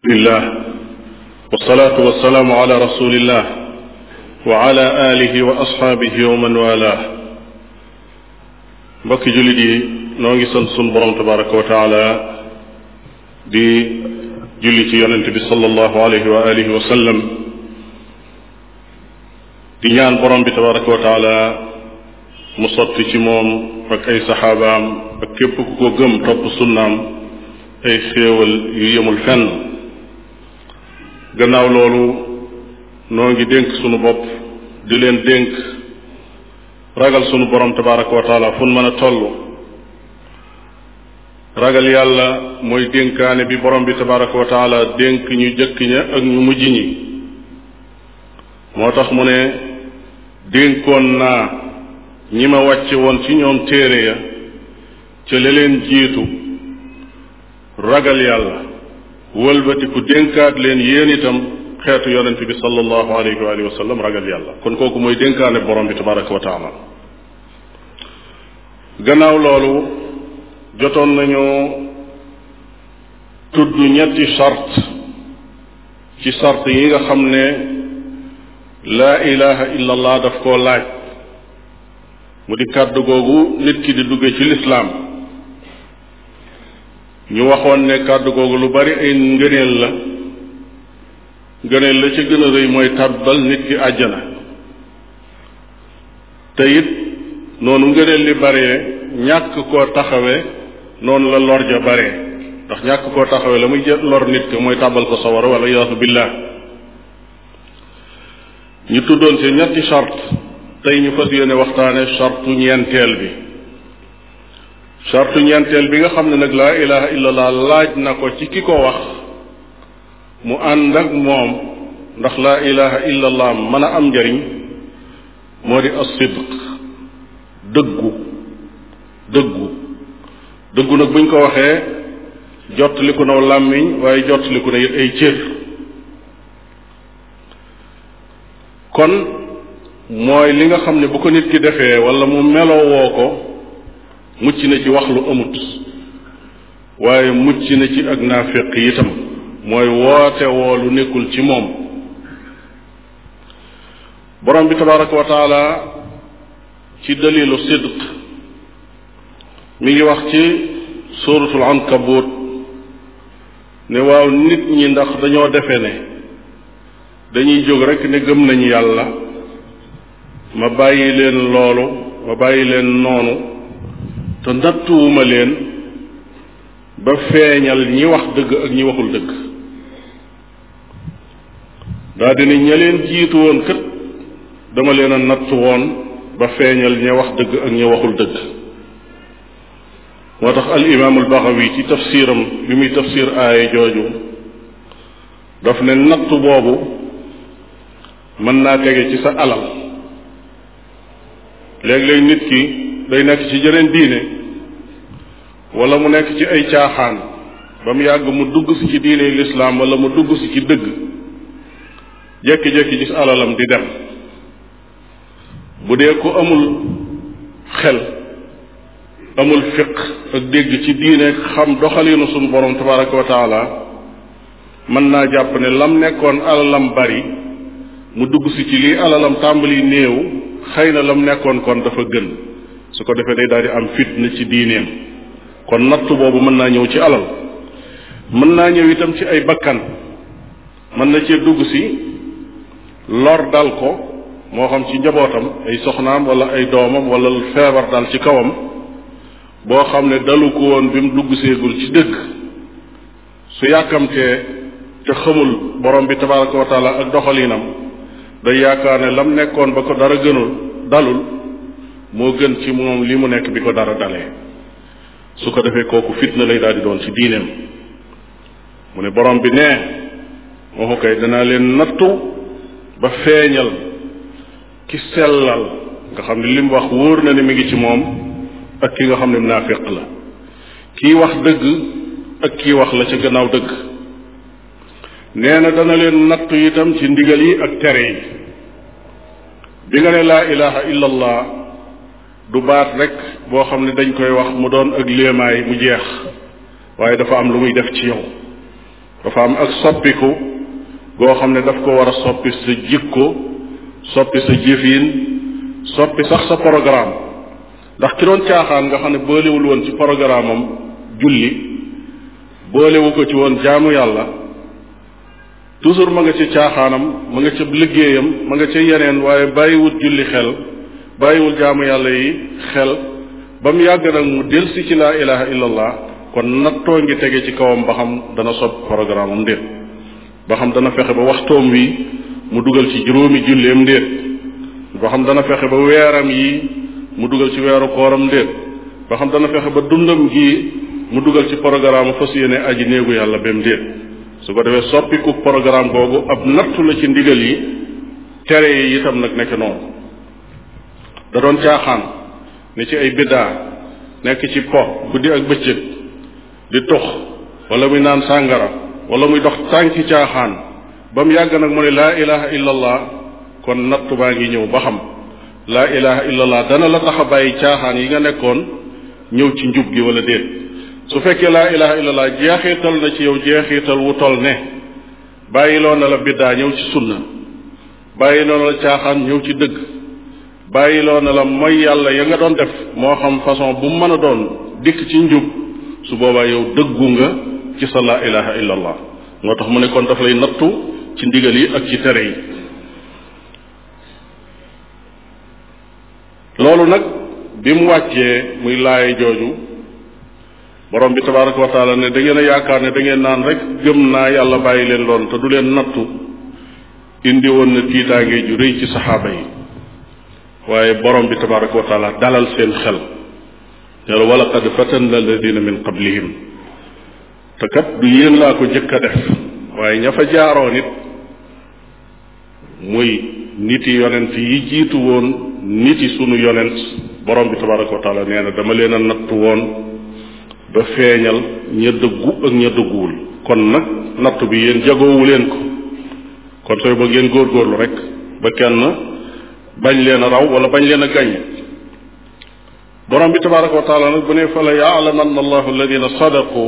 lillah wasalaatu wasalaamu ala rasulillah wa ala alihi wa asxaabihi wa man wala mbokki jullit yi noo ngi sant sunu borom tabaraka wa taala di julli ci yonent bi sallallahu alayhi wa alihi wa sallam di ñaan borom bi tabaraka wa taala mu sotti ci moom ak ay saxaabaam ak képp ku ko gëm topp sunnaam ay xéewal yu yemul fenn gannaaw loolu noo ngi dénk sunu bopp di leen dénk ragal sunu borom tabaraka wa taala mën a toll ragal yàlla mooy dénkaane bi borom bi tabaraka wa dénk ñu jëkk ña ak ñu mujj ñi moo tax mu ne dénkoon naa ñi ma wàcce woon ci ñoom téere ya ca la leen jiitu ragal yàlla wëlbatiku dénkaat leen yéen itam xeetu yonente bi sallallahu alayhi wa alihi ragal yàlla kon kooku mooy dénkaane borom bi tabaraka wa taala gannaaw loolu jotoon nañoo tudd ñetti chart ci chart yi nga xam ne laa ilaha illa allah koo laaj mu di kàddu googu nit ki di dugge ci lislaam ñu waxoon ne kàddu googu lu bari ay ngëneel la ngëneel la ci gën a rëy mooy tàbbal nit ki àjjana te it noonu ngëneel li baree ñàkk ko taxawe noonu la lor ja baree ndax ñàkk koo taxawe la muy lor nit ki mooy tàbbal ko sawara wala yaasu billah ñu tuddoon ci ñetti charte tey ñu fas yéene waxtaane charte ñeenteel bi sartu ñeenteel bi nga xam ne nag laa ilaha illallah laaj na ko ci ki ko wax mu ànd ak moom ndax laa ilaha illallah mën a am njariñ moo di as-sidq dëggu dëggu dëggu nag buñ ko waxee jottaliku naw làmmiñ waaye jottaliku na it ay cër kon mooy li nga xam ne bu ko nit ki defee wala mu melowoo ko mucc na ci wax lu amut waaye mucc na ci ak naafeq itam mooy woote woo lu nekkul ci moom borom bi tabaraka wa ci dalilu sidq mi ngi wax ci suratul ankabut ne waaw nit ñi ndax dañoo defe ne dañuy jóg rekk ne gëm nañu yàlla ma bàyyi leen loolu ma bàyyi leen noonu te nattuwuma leen ba feeñal ñi wax dëgg ak ñi waxul dëgg daa dina ña leen jiitu woon kat dama leen a nattu woon ba feeñal ña wax dëgg ak ña waxul dëgg moo tax al imaam al baxawi ci tafsiram bi muy tafsir aaya jooju daf ne nattu boobu mën naa tege ci sa alal léeg-léeg nit ki day nekk ci jëreen diine wala mu nekk ci ay caaxaan ba mu yàgg mu dugg si ci diine lislaam wala mu dugg si ci dëgg jékki-jékki gis alalam di dem bu dee ko amul xel amul fiq ak dégg ci diine xam doxalinu sunu borom tabaraka wa mën naa jàpp ne lam nekkoon alalam bari mu dugg si ci lii alalam tàmbali néew xëy na la mu nekkoon kon dafa gën su ko defee day daal di am fitna ci diineem kon nattu boobu mën naa ñëw ci alal mën naa ñëw itam ci ay bakkan mën na cee dugg si lor dal ko moo xam ci njabootam ay soxnaam wala ay doomam wala feebar dal ci kawam boo xam ne dalu ko bi mu dugg seegul ci dëgg su yàkkamtee te xamul borom bi tabaraka wa ak doxalinam day yaakaar ne lam nekkoon ba ko dara gënul dalul moo gën ci moom li mu nekk bi ko dara dalee su ko defee kooku fitna lay daal di doon ci diineem mu ne borom bi nee waxu kay danaa leen nattu ba feeñal ki sellal nga xam ne li mu wax wóor na ne mi ngi ci moom ak ki nga xam ne munaafiq la kii wax dëgg ak kii wax la ca gannaaw dëgg nee na dana leen nattu itam ci ndigal yi ak tere yi bi nga ne laa ilaha illallah du baat rek boo xam ne dañ koy wax mu doon ak léemaay mu jeex waaye dafa am lu muy def ci yow dafa am ak soppiku goo xam ne daf ko war a soppi sa jikko soppi sa jëfin soppi sax sa programme ndax ki doon caaxaan nga xam ne boolewul woon ci programme am julli boolewu ko ci woon jaamu yàlla toujours ma nga ci caaxaanam ma nga ca liggéeyam ma nga ca yeneen waaye bàyyiwut julli xel bàyyiwul jaamu yàlla yi xel ba mu yàgg nag mu delsi ci laa ilaha illallah kon nattoo ngi tege ci kawam ba xam dana sob programme am déet ba xam dana fexe ba waxtoom wi mu dugal ci juróomi julleem déet ba xam dana fexe ba weeram yi mu dugal ci weeru kooram déet ba xam dana fexe ba dundam gi mu dugal ci programme fas yéene aji néegu yàlla bem déet su ko defee soppiku programme googu ab nattu la ci ndigal yi tere yi itam nag nekk noonu da doon caaxaan ne ci ay biddaa nekk ci po guddi ak bëccëg di tux wala muy naan sàngara wala muy dox tànki caaxaan ba mu yàgg nag mu ne laa ilaha illa allah kon nattu baa ngi ñëw ba xam laa ilaha illa allah dana la tax bàyyi caaxaan yi nga nekkoon ñëw ci njub gi walla déet su fekkee laa ilaha illa allah jeexital na ci yow jeexital wu tol ne bàyyiloo na la biddaa ñëw ci sunna bàyyiloo na la caaxaan ñëw ci dëgg bàyyiloo na la mooy yàlla ya nga doon def moo xam façon bu mën a doon dikk ci njub su boobaa yow dëggu nga ci sa laa ilaha illa moo tax mu ne kon daf lay nattu ci ndigal yi ak ci tere yi loolu nag bi mu wàccee muy laaye jooju borom bi tabaraka wa ne da ngeen a yaakaar ne da ngeen naan rek gëm naa yàlla bàyyi leen loolu te du leen nattu indi woon na tiitaange ju rëy ci saxaaba yi waaye borom bi tabaraka wa taala dalal seen xel ne la wala qad fatanna alladina min qablihim te kat du yéen laa ko jëkk a def waaye ña fa jaaroo nit muy nit yi yonent yi jiitu woon nit yi sunu yonent borom bi tabaraka wa taala nee na dama leen a nattu woon ba feeñal ña dëggu ak ña dëgguwul kon nag nattu bi yéen jagoowu leen ko kon sooy ba ngeen góorgóorlu rek ba kenn bañ leen a raw wala bañ leen a gañ borom bi tabaraka wa taala nag bu ne fa la yaalamanna allahu alladina sadaqu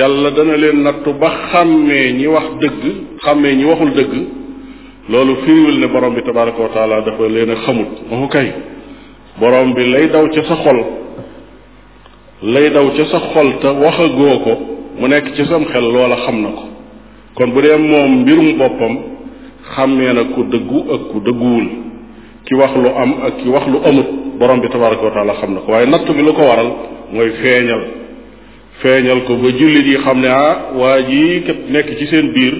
yàlla dana leen nattu ba xàmmee ñi wax dëgg xàmmee ñi waxul dëgg loolu firiwul ne borom bi tabaraka wa taala dafa leen a xamut oo kay borom bi lay daw ca sa xol lay daw ca sa xol te waxagoo ko mu nekk ci sam xel loola xam na ko kon bu dee moom mbirum boppam xàmmee na ku dëggu ak ku dëgguwul wax lu am ak wax lu amut borom bi tabaraka wa taala xam na ko waaye natt bi lu ko waral mooy feeñal feeñal ko ba jullit yi xam ne ah waa ji képp nekk ci seen biir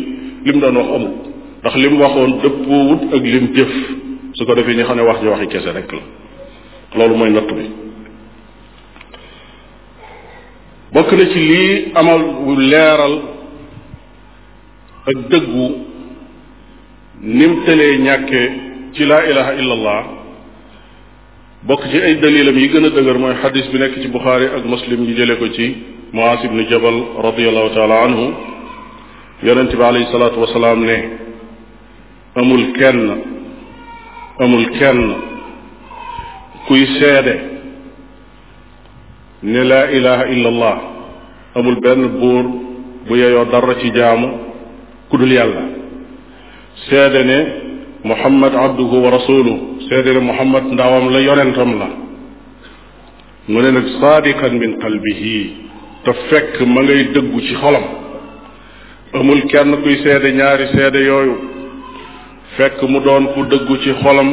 lim doon wax amut ndax lim waxoon dëppoowut ak lim jëf su ko defee ñu xam ne wax ji waxi kese rek la loolu mooy natt bi bokk na ci lii amal leeral ak dëggu nim tëlee ñàkke ci laa ilaha illallah bokk ci ay dalilam yi gën a dëgër mooy xadis bi nekk ci buxaari ak muslim yi jële ko ci muaas ibnu jabal radiallahu taala anhu yonente bi alayhi salaatu wasalaam ne amul kenn amul kenn kuy seede ne laa ilaha illallah amul benn buur bu yeyoo dara ci jaamu ku dul yàlla ne muhammad abduhu wa rasuluhu seede ne muhammad ndawam la yonentam la mu ne nag saadiqan min qalbihi te fekk ma ngay dëggu ci xolam amul kenn kuy seede ñaari seede yooyu fekk mu doon ku dëggu ci xolam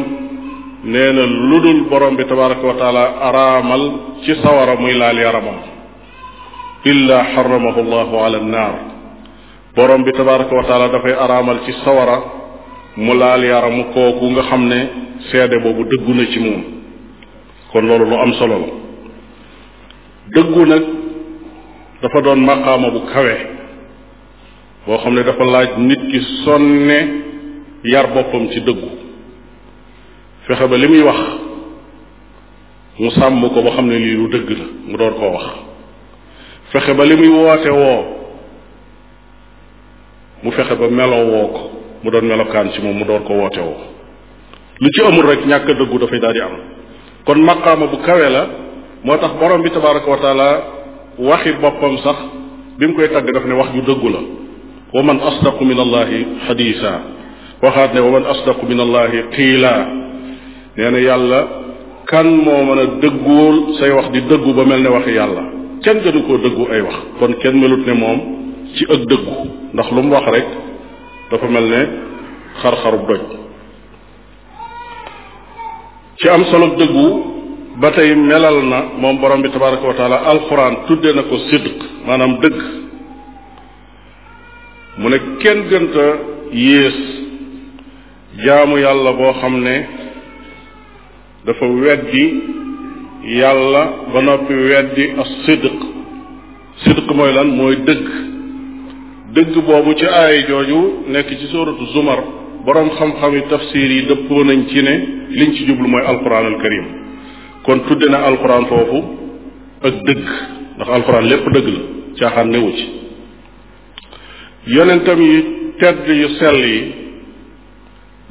nee na lu dul borom bi tabaraka wa taala araamal ci sawara muy laal yaramam illa xaramahu llahu ala annaar borom bi tabaraka wa taala dafay araamal ci sawara mu laal yaramu kooku nga xam ne seede boobu dëggu na ci moom kon loolu lu am solo dëggu nag dafa doon maqaama bu kawe boo xam ne dafa laaj nit ki sonne yar boppam ci dëggu fexe ba li muy wax mu sàmm ko ba xam ne lii lu dëgg la mu door koo wax fexe ba li muy woote woo mu fexe ba meloo ko mu doon melokaan ci moom mu door ko woote woo lu ci amul rek ñàkk dëggu dafay daal am kon maqaama bu kawe la moo tax borom bi tabaraka wa taala waxi boppam sax bi mu koy tagg daf ne wax ju dëggu la wa man asdaqu min allahi xadiisa waxaat ne wa man asdaqu min allahi qiila nee na yàlla kan moo mën a dëgguwul say wax di dëggu ba mel ne waxi yàlla kenn gënu koo dëggu ay wax kon kenn melut ne moom ci ak dëggu ndax lu mu wax rek dafa mel ne xar-xarub doj ci am solo dëggu ba tey melal na moom borom bi tabaraka wa alxuraan tudde na ko sidq maanaam dëgg mu ne kenn gënta yées jaamu yàlla boo xam ne dafa weddi yàlla ba noppi weddi as sidq sidq mooy lan mooy dëgg dëgg boobu ci aay jooju nekk ci suratu zumar boroom xam-xami tafsir yi dëppoo nañ ci ne liñ ci jublu mooy alquran al karim kon tudde na alxuraan foofu ak dëgg ndax alquran lépp dëgg la caaxaan newu ci yonentam yi tedd yu sell yi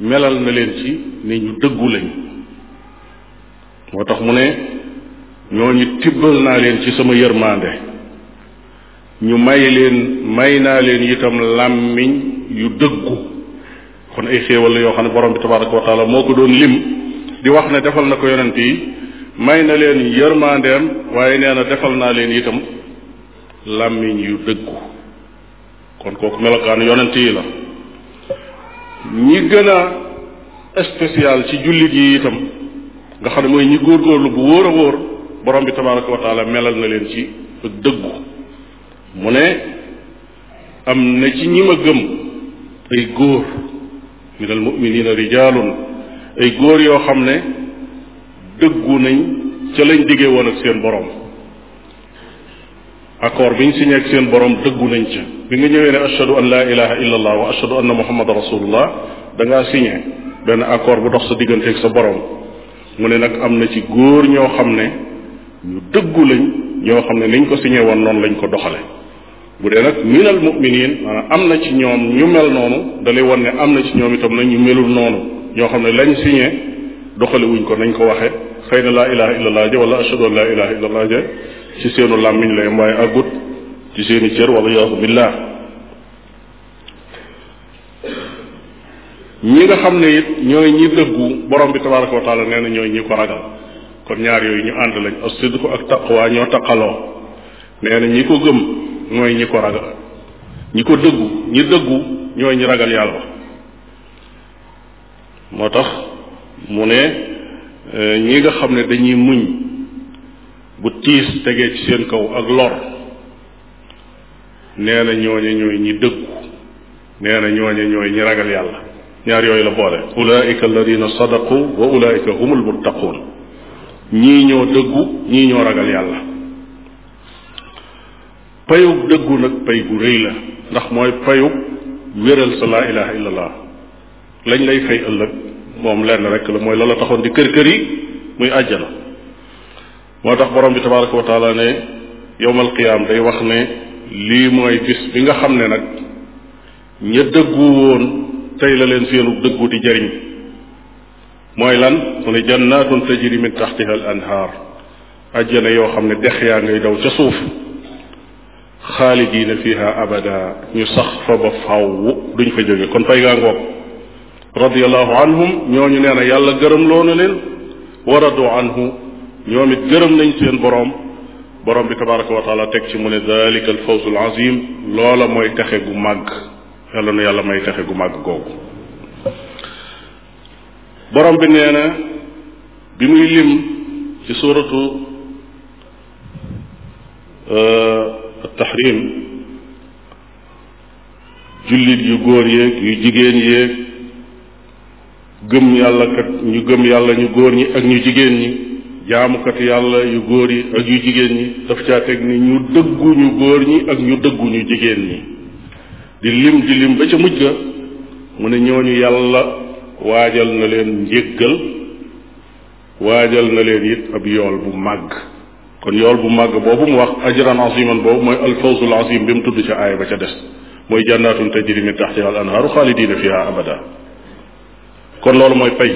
melal na leen ci ne ñu dëggu lañ moo tax mu ne ñooñu tibbal naa leen ci sama yërmande ñu may leen may naa leen itam làmmiñ yu dëggu kon ay xéewal la yoo xam ne borom bi tabaraka moo ko doon lim di wax ne defal na ko yonent yi may na leen yërmandeem waaye nee na defal naa leen itam làmmiñ yu dëggu kon kooku melokaanu yonent yi la ñi gën a spécial ci jullit yi itam nga xam ne mooy ñi góorgóorlu bu wóor a wóor borom bi tabaraka melal na leen ci dëggu mu ne am na ci ñi ma gëm ay góor min al muminina rijalun ay góor yoo xam ne dëggu nañ ca lañ diggee woon ak seen borom accord biñ signé ak seen borom dëggu nañ ca bi nga ñëwee ne ashhadu an la ilaha illa allah wa ashhadu anna muhammadan rasulullah dangaa ngaa benn accord bu dox sa diggante ak sa borom mu ne nag am na ci góor ñoo xam ne ñu dëggu lañ ñoo xam ne niñ ko signé woon noonu lañ ko doxale bu dee nag minal muminin a am na ci ñoom ñu mel noonu dalay wan ne am na ci ñoom itam nag ñu melul noonu ñoo xam ne lañ signé doxali wuñ ko nañ ko waxe xëy na laa ilaha illallah ja wala ashadu laa ilaha illallah ja ci seenu làmmiñ la yem waaye àggut ci seeni cër wala yaasu billah ñi nga xam ne it ñooy ñi dëggu borom bi tabaraka wa taala nee na ñooy ñi ko ragal kon ñaar yooyu ñu ànd lañ as sidqu ak taqwa ñoo taqaloo nee na ñi ko gëm mooy ñi ko ragal ñi ko dëggu ñi dëggu ñooy ñi ragal yàlla moo tax mu ne euh, ñi nga xam ne dañuy muñ bu tiis tegee ci seen kaw ak lor nee na ñooñe ñooy ñi dëggu nee na ñooñe ñooy ñi ragal yàlla ñaar yooyu la boole ulaika alladina sadaqu wa ulaika humul muttaqun ñii ñoo dëggu ñii ñoo ragal yàlla payug dëggu nag pay gu rëy la ndax mooy payug wéral sa laa ilaha illallah lañ lay fay ëllëg moom lenn rek la mooy lala taxoon di kër kër yi muy àjjana moo tax borom bi tabaraka wa taala ne yowmal qiyaam day wax ne lii mooy bis bi nga xam ne nag ña dëggu woon tey la leen seenu dëggu di jariñ mooy lan mu ne jannaatun tajri min taxtiha al anhaar àjjana yoo xam ne dex yaa ngay daw ca suuf xaalidiina fiha abada ñu sax fa ba faww duñ fa jóge kon fay gaa ngoog radiallahu anhum ñooñu nee yàlla gërëm loonu leen waradu anhu ñoom gërëm nañ seen boroom boroom bi tabaraka wa taala teg ci mu ne dalika alfawzu alazim loola mooy texe gu màgg yàlla na yàlla may texe gu màgg googu boroom bi nee bi muy lim ci suuratu euh, taxrim jullit yu góor yéeg yu jigéen yéeg gëm yàlla kat ñu gëm yàlla ñu góor ñi ak ñu jigéen ñi jaamukat yàlla yu góor yi ak yu jigéen ñi daf caa teg ni ñu dëggu ñu góor ñi ak ñu dëggu ñu jigéen ñi di lim di lim ba ca mujj ga mu ne ñooñu yàlla waajal na leen njéggal waajal na leen it ab yool bu màgg kon yool bu màgg boobu mu wax ajran aziman boobu mooy alfawzul azim bi mu tudd ca aaya ba ca des mooy jannatun tajri min taxtiha al anhaaru xaalidina fiha abada kon loolu mooy pay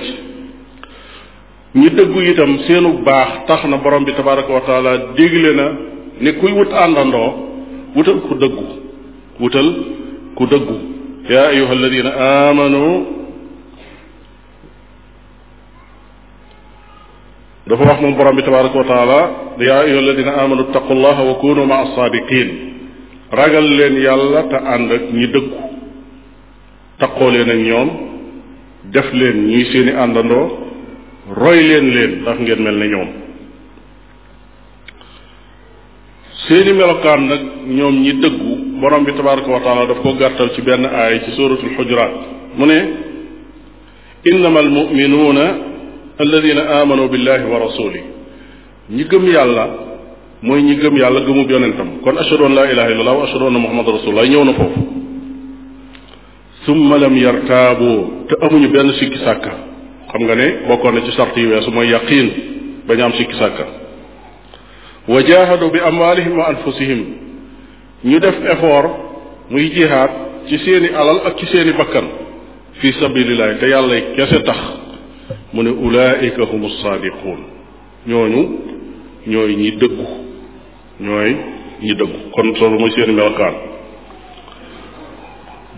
ñi dëggu itam seenu baax tax na borom bi tabaraka wa taala dégle na ne kuy wut àndandoo wutal ku dëggu wutal ku dëggu yaa ayuha alladina amanu dafa wax moom borom bi tabaraka wa taala yaa ayuha alladina amanu leen yàlla te ànd ak leen ak ñoom def leen ñuy seeni àndandoo roy leen leen ngeen mel ne ñoom seeni melokaan nag ñoom ñi dëggu borom bi tabaraka wa ko gàttal ci benn aaya ci suratul xujuraat mu ne innama almuminuuna alladina amanu billahi wa rasuli ñi gëm yàlla mooy ñi gëm yàlla gëmub yonentam kon ashhadu an la ilaha illallah wa ashhadu anna muhammad rasulullah na foofu summa lam amuñu benn sikki sàkka xam nga ne bokkoon na ci sart yi weesu mooy yaqiin bañ am sikki sàkka wa jaahadu bi amwaalihim wa anfusihim ñu def effort muy jihaad ci seeni alal ak ci seeni bakkan fi sabilillahi te yàlla kese tax mu ne ulaayika humu saadiquun ñooñu ñooy ñi dëggu ñooy ñi dëggu kon solo mooy seen melokaan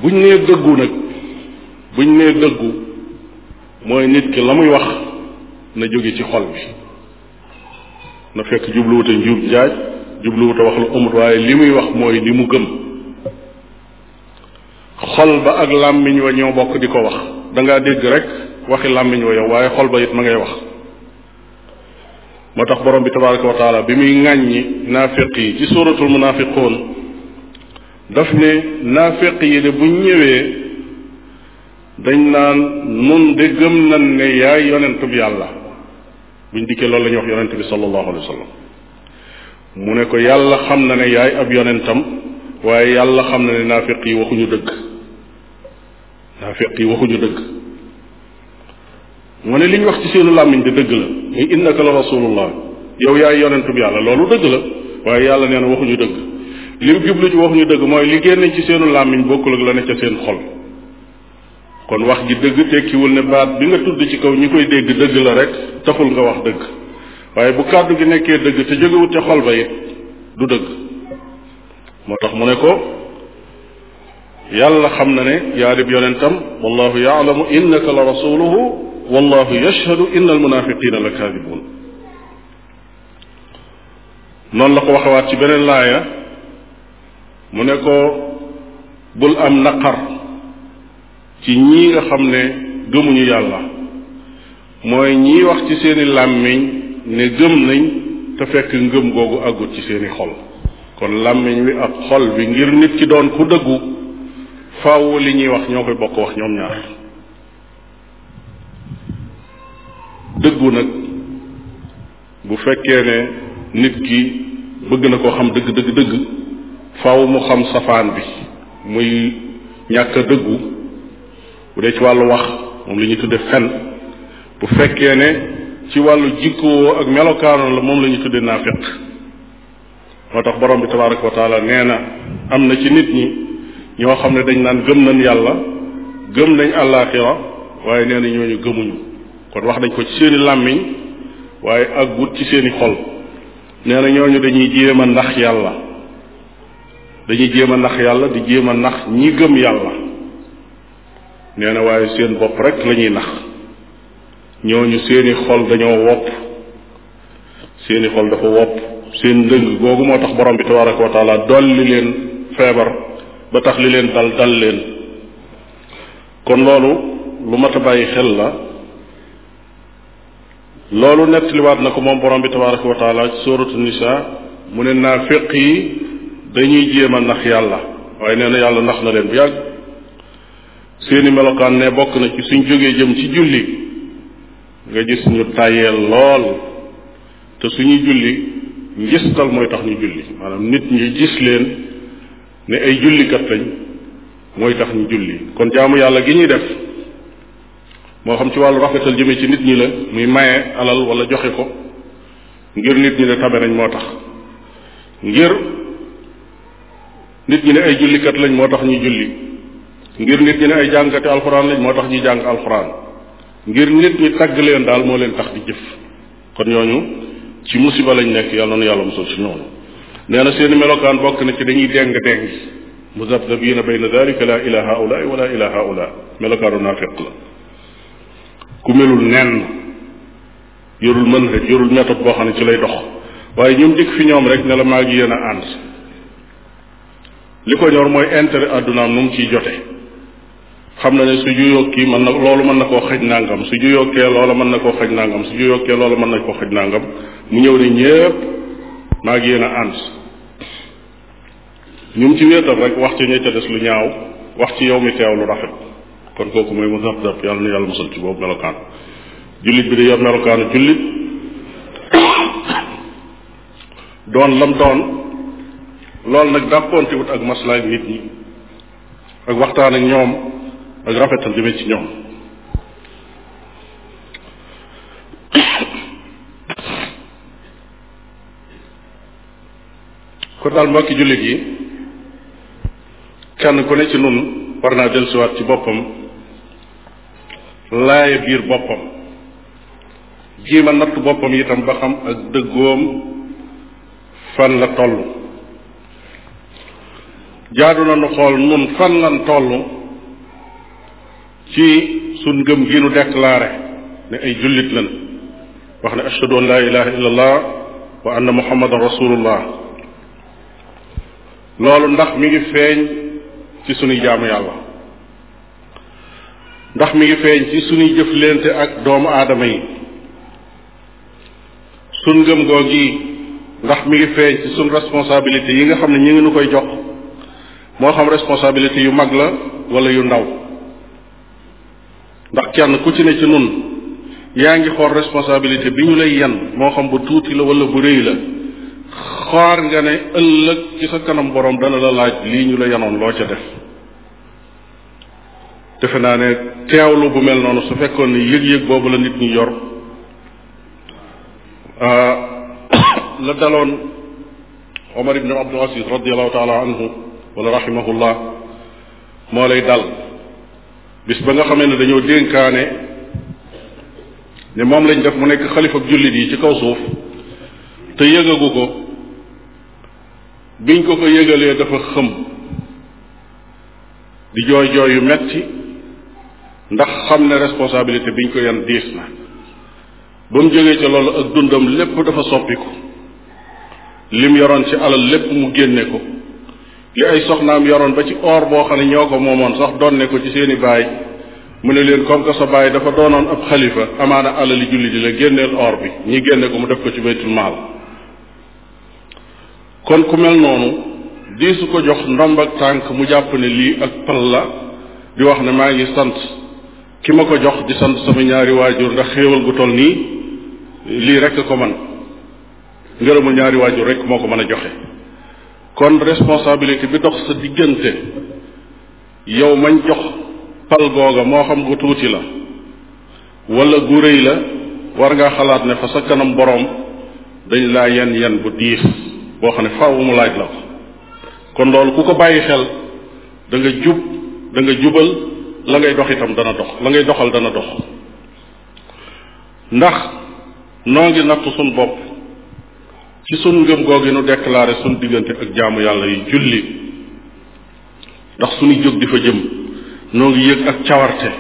buñ nee dëggu nag buñ nee dëggu mooy nit ki la muy wax na jóge ci xol bi na fekk jubluwuta njuub njaaj jubluwuta wax lu amut waaye li muy wax mooy li mu gëm xol ba ak làmmiñ wa ñoo bokk di ko wax dangaa ngaa dégg rek waxi làmmiñ wa yow waaye xol ba it ma ngay wax moo tax borom bi tabaraka wa taala bi muy ŋàññi naafiq yi ci suuratul munaafiquun daf ne naafiq yi de bu ñëwee dañ naan nun de gëm nan ne yaay yonentub yàlla buñ dikkee loolu la ñuy wax yonent bi sallallahu alayhi wa mu ne ko yàlla xam na ne yaay ab yonentam waaye yàlla xam na ne naafiq yi waxuñu dëgg naafiq yi waxuñu dëgg mu ne li wax ci seenu làmmiñ di dëgg la muy innaka la rasulullah yow yaay yonentu bi yàlla loolu dëgg la waaye yàlla nee na waxuñu dëgg lim jublu ci waxuñu dëgg mooy li génn ci seenu làmmiñ bokkul ak la ne ca seen xol kon wax ji dëgg tekkiwul ne baat bi nga tudd ci kaw ñi koy dégg dëgg la rek taxul nga wax dëgg waaye bu kàddu gi nekkee dëgg te jógewut ca xol ba it du dëgg moo tax mu ne ko yàlla xam na ne yaa dib yonentam wallahu yaalamu innaka la rasuluhu wallahu yashhadu inna almunafiqina la kaadibuun noonu la ko waxewaat ci beneen laaya mu ne ko bul am naqar ci ñii nga xam ne gëmuñu yàlla mooy ñii wax ci seeni làmmiñ ne gëm nañ te fekk ngëm googu àggut ci seeni xol kon làmmiñ wi ak xol bi ngir nit ki doon ku dëggu faaw li ñuy wax ñoo koy bokk wax ñoom ñaar dëggu nag bu fekkee ne nit ki bëgg na koo xam dëgg dëgg dëgg faaw mu xam safaan bi muy ñàkk dëggu bu dee ci wàllu wax moom la ñuy tudde fen bu fekkee ne ci wàllu jikkoo ak melokaanoon la moom la ñuy tudde naafiq moo tax borom bi tabaraka wa taala nee na am na ci nit ñi ñoo xam ne dañ naan gëm nañ yàlla gëm nañ àllaaxira waaye nee na ñooñu gëmuñu kon wax nañ ko ci seeni làmmiñ waaye àggut ci seeni xol nee na ñooñu dañuy jéem a ndax yàlla dañuy jéem a ndax yàlla di jéem a ndax ñi gëm yàlla nee na waaye seen bopp rek lañuy nax ñooñu seeni xol dañoo wopp seeni xol dafa wopp seen ndëng googu moo tax borom bi tabaraka wa taala leen feebar ba tax li leen dal dal leen kon loolu lu mat a bàyyi xel la loolu nettaliwaat na ko moom borom bi tabaraka wa taala ci suratu nisa mu ne naafiq yi dañuy jéem a nax yàlla waaye nee na yàlla ndax na leen bu yàgg seeni melokaan ne bokk na suñ jógee jëm ci julli nga gis ñu tàyyeel lool te suñu julli ngistal mooy tax ñu julli maanaam nit ñu gis leen ne ay jullikat lañ mooy tax ñu julli kon jaamu yàlla gi ñuy def moo xam ci wàllu rafetal jëmee ci nit ñi la muy maye alal wala joxe ko ngir nit ñi ne tabe nañ moo tax ngir nit ñi ne ay jullikat lañ moo tax ñuy julli ngir nit ñi ne ay jàngkati alxuraan lañ moo tax ñuy jàng alxuraan ngir nit ñi tagg leen daal moo leen tax di jëf kon ñooñu ci musiba lañ nekk yàlla na yàlla mosul si noonu nee na seen melokaan bokk na ci dañuy deng deng muzabzabina bayna dalika la ila haula wala ila haula melokaanu naafiq la ku melul nenn yorul mën rek yorul méthode boo xam ne ci lay dox waaye ñoom jëkk fi ñoom rek ne la maa ngi a ànd li ko ñor mooy intérêt àddunaam nu mu ciy jote xam na ne su juyoo kii mën na loolu mën na koo xaj nangam su juyoo kee loola mën na koo xaj nàngam su juyoo mën na koo xaj nangam mu ñëw ne ñépp maa ngi yéen a ànd ñu ci wéetal rek wax ci ña des lu ñaaw wax ci yow mi teew lu rafet kon kooku mooy musaddaq yàlla na yàlla musal ci boobu melokaan jullit bi di yor melokaanu jullit doon lam doon loolu nag dàppoon ci wut ak maslaa ak nit ñi ak waxtaan ak ñoom ak rafetal jëme ci ñoom kon daal mbokki jullit yi kenn ku ne ci nun war naa dellusiwaat ci boppam laaya biir boppam jiima natt boppam itam ba xam ak dëggoom fan la toll jaadu na nu xool nun fan lan toll ci sun ngëm gi nu déclaré ne ay jullit lan wax ne ashhadu an laa ilaha illa allah wa anna muhammadan rasulullah loolu ndax mi ngi feeñ ci sunuy jaamu yàlla ndax mi ngi feeñ ci suñuy jëflante ak doomu aadama yi sun ngëm goo gi ndax mi ngi feeñ ci sun responsabilité yi nga xam ne ñi ngi nu koy jox moo xam responsabilité yu mag la wala yu ndaw ndax kenn ku ci ne ci nun yaa ngi xool responsabilité bi ñu lay yan moo xam bu tuuti la wala bu rëy la xaar nga ne ëllëg ci sa kanam borom dana la laaj lii ñu la yanoon loo ca def defe naa ne teewlu bu mel noonu su fekkoon ne yëg-yëg boobu la nit ñi yor ah, la daloon Omar ibn Abdul Aziz radiallahu moo lay dal bis ba nga xamee ni dañoo dénkaane ne moom lañ def mu nekk xalifa jullit yi ci kaw suuf te yëgagu ko biñ ko ko yëgalee dafa xëm di jooy jooy yu metti ndax xam ne responsabilité biñ ko yan diis na ba mu jógee ca loolu ak dundam lépp dafa soppiku lim yoroon ci alal lépp mu génne ko li ay soxnaam yoroon ba ci or boo xam ne ñoo ko moomoon sax donne ko ci seeni baay mu ne leen comme que sa baay dafa doonoon ab xalifa amaana alali julli di la génneel or bi ñi génne ko mu def ko ci baytul maal kon ku mel noonu di ko jox ndomb ak tànk mu jàpp ne lii ak pal la di wax ne maa ngi sant ki ma ko jox di sant sama ñaari waajur ndax xéewal gu toll nii lii rek ko man ngërëmul ñaari waajur rek moo ko mën a joxe kon responsabilité bi dox sa diggante yow mañ jox pal googa moo xam gu tuuti la wala gu rëy la war ngaa xalaat ne fa sa kanam boroom dañ laa yen yen bu diis boo xam ne faaw mu laaj la ko kon loolu ku ko bàyyi xel da jub da nga jubal la ngay dox itam dana dox la ngay doxal dana dox ndax noo ngi nattu suñ bopp ci sunu ngëm googu nu déclaré sunu diggante ak jaamu yàlla yi julli ndax suñu jóg di fa jëm noo ngi yëg ak cawarte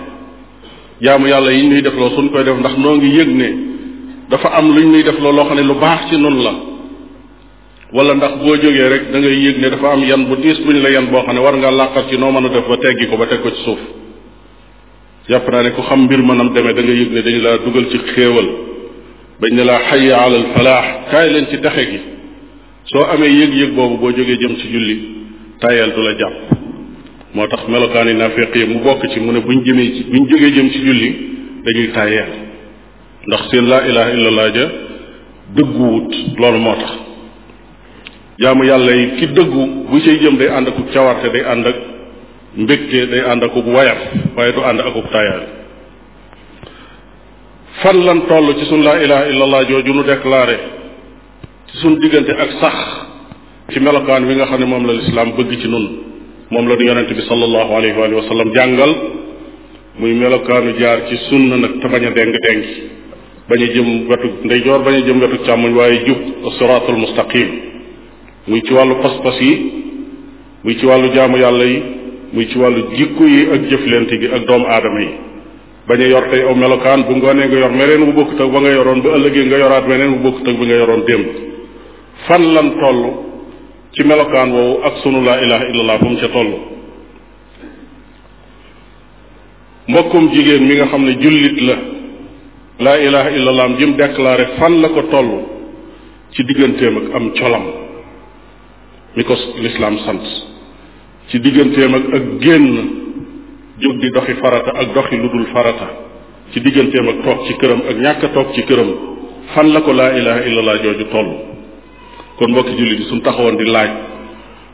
jaamu yàlla yi ñuy defloo suñ koy def ndax noo ngi yëg ne dafa am luñ def defloo loo xam ne lu baax ci nun la wala ndax boo jógee rek da ngay yëg ne dafa am yan bu diis buñ la yan boo xam ne war nga làqat ci noo mën a def ba teggi ko ba teg ko ci suuf yàpp naa ne ku xam mbir mënam demee danga nga yëg ne dañu laa dugal ci xéewal bañ ne laa xayya ala al falaax kaay leen ci taxe gi soo amee yëg-yëg boobu boo jógee jëm ci julli tayal du la jàpp moo tax melokaan yi naafeq yi mu bokk ci mu ne buñ jëmee buñ jógee jëm ci julli dañuy tayal ndax seen laa ilaha illallah ja dëgguwut loolu moo tax jaamu yàlla yi ki dëggu bu cay jëm day ànd ak cawarte day ànd ak mbégte day ànd akub wayar waaye du ànd akub tayaani fan lan toll ci sun laa ilaha illallah jooju nu déclaré ci sun diggante ak sax ci melokaan bi nga xam ne moom la lislaam bëgg ci nun moom la du yonente bi sallallahu alayhi wa sallam jàngal muy melokaanu jaar ci sunna nag te bañ a deng dengi bañ a jëm wetu ndeyjoor bañ a jëm wetu càmmoñ waaye jub siraatul mustaqim muy ci wàllu pas-pas yi muy ci wàllu jaamu yàlla yi muy ci wàllu jikko yi ak jëflante gi ak doomu aadama yi bañ a yor tey aw melokaan bu ngoonee nga yor meneen wu bokkut ak ba nga yoroon ba ëllëgee nga yoraat meneen wu bokkut ak bi nga yoroon démb fan lan toll ci melokaan woowu ak sunu laa ilaha illallah fu mu ca toll mbokkum jigéen mi nga xam ne jullit la laa ilaha illallah jim déclaré fan la ko toll ci digganteem ak am colam mi ko lislaam sant ci digganteem ak ak génn jóg di doxi farata ak doxi lu dul farata ci digganteem ak toog ci këram ak ñàkk toog ci këram fan la ko laa illa illallah jooju toll kon mbokki jullit yi suñ taxawoon di laaj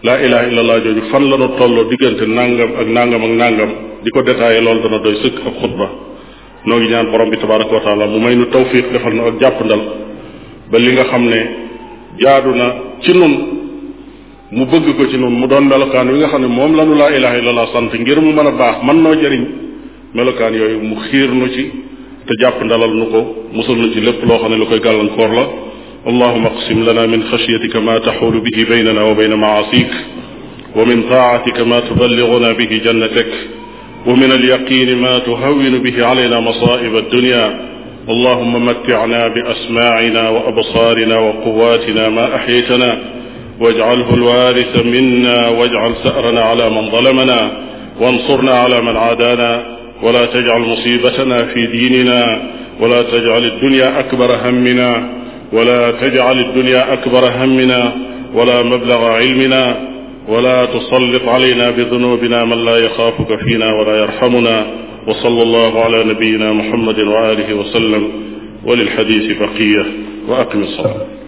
laa ilaha illallah jooju fan la doon tolloo diggante nangam ak nangam ak nangam di ko détaillé loolu dana doy sëkk ak xutba noo ngi ñaan borom bi tabaraka wa taala mu may nu tawfiq defal nu ak jàppandal ba li nga xam ne jaadu na ci nun mu bëgg ko ci noonu mu doon melokaan wi nga xam ne moom lanu laa ilaha illallah sant ngir mu mën a baax mën noo jariñ melokaan yooyu mu xiir nu ci te jàpp ndalal nu ko musal nu ci lépp loo xam ne lu koy gàllankoor la allahuma aqsim lana min xashyatika ma taxulu bihi baynana wa bayna maasik wa min taatika ma tuballiguna bihi jannatak wa min alyaqini ma tuhawinu bihi alayna masaib addunya اللهم متعنا بأسماعنا وأبصارنا وقواتنا ما أحيتنا واجعله الوارث منا واجعل ثأرنا على من ظلمنا وانصرنا على من عادانا ولا تجعل مصيبتنا في ديننا ولا تجعل الدنيا أكبر همنا ولا تجعل الدنيا أكبر همنا ولا مبلغ علمنا ولا تسلط علينا بذنوبنا من لا يخافك فينا ولا يرحمنا وصلى الله على نبينا محمد وآله وسلم وللحديث بقية وأقم الصلاة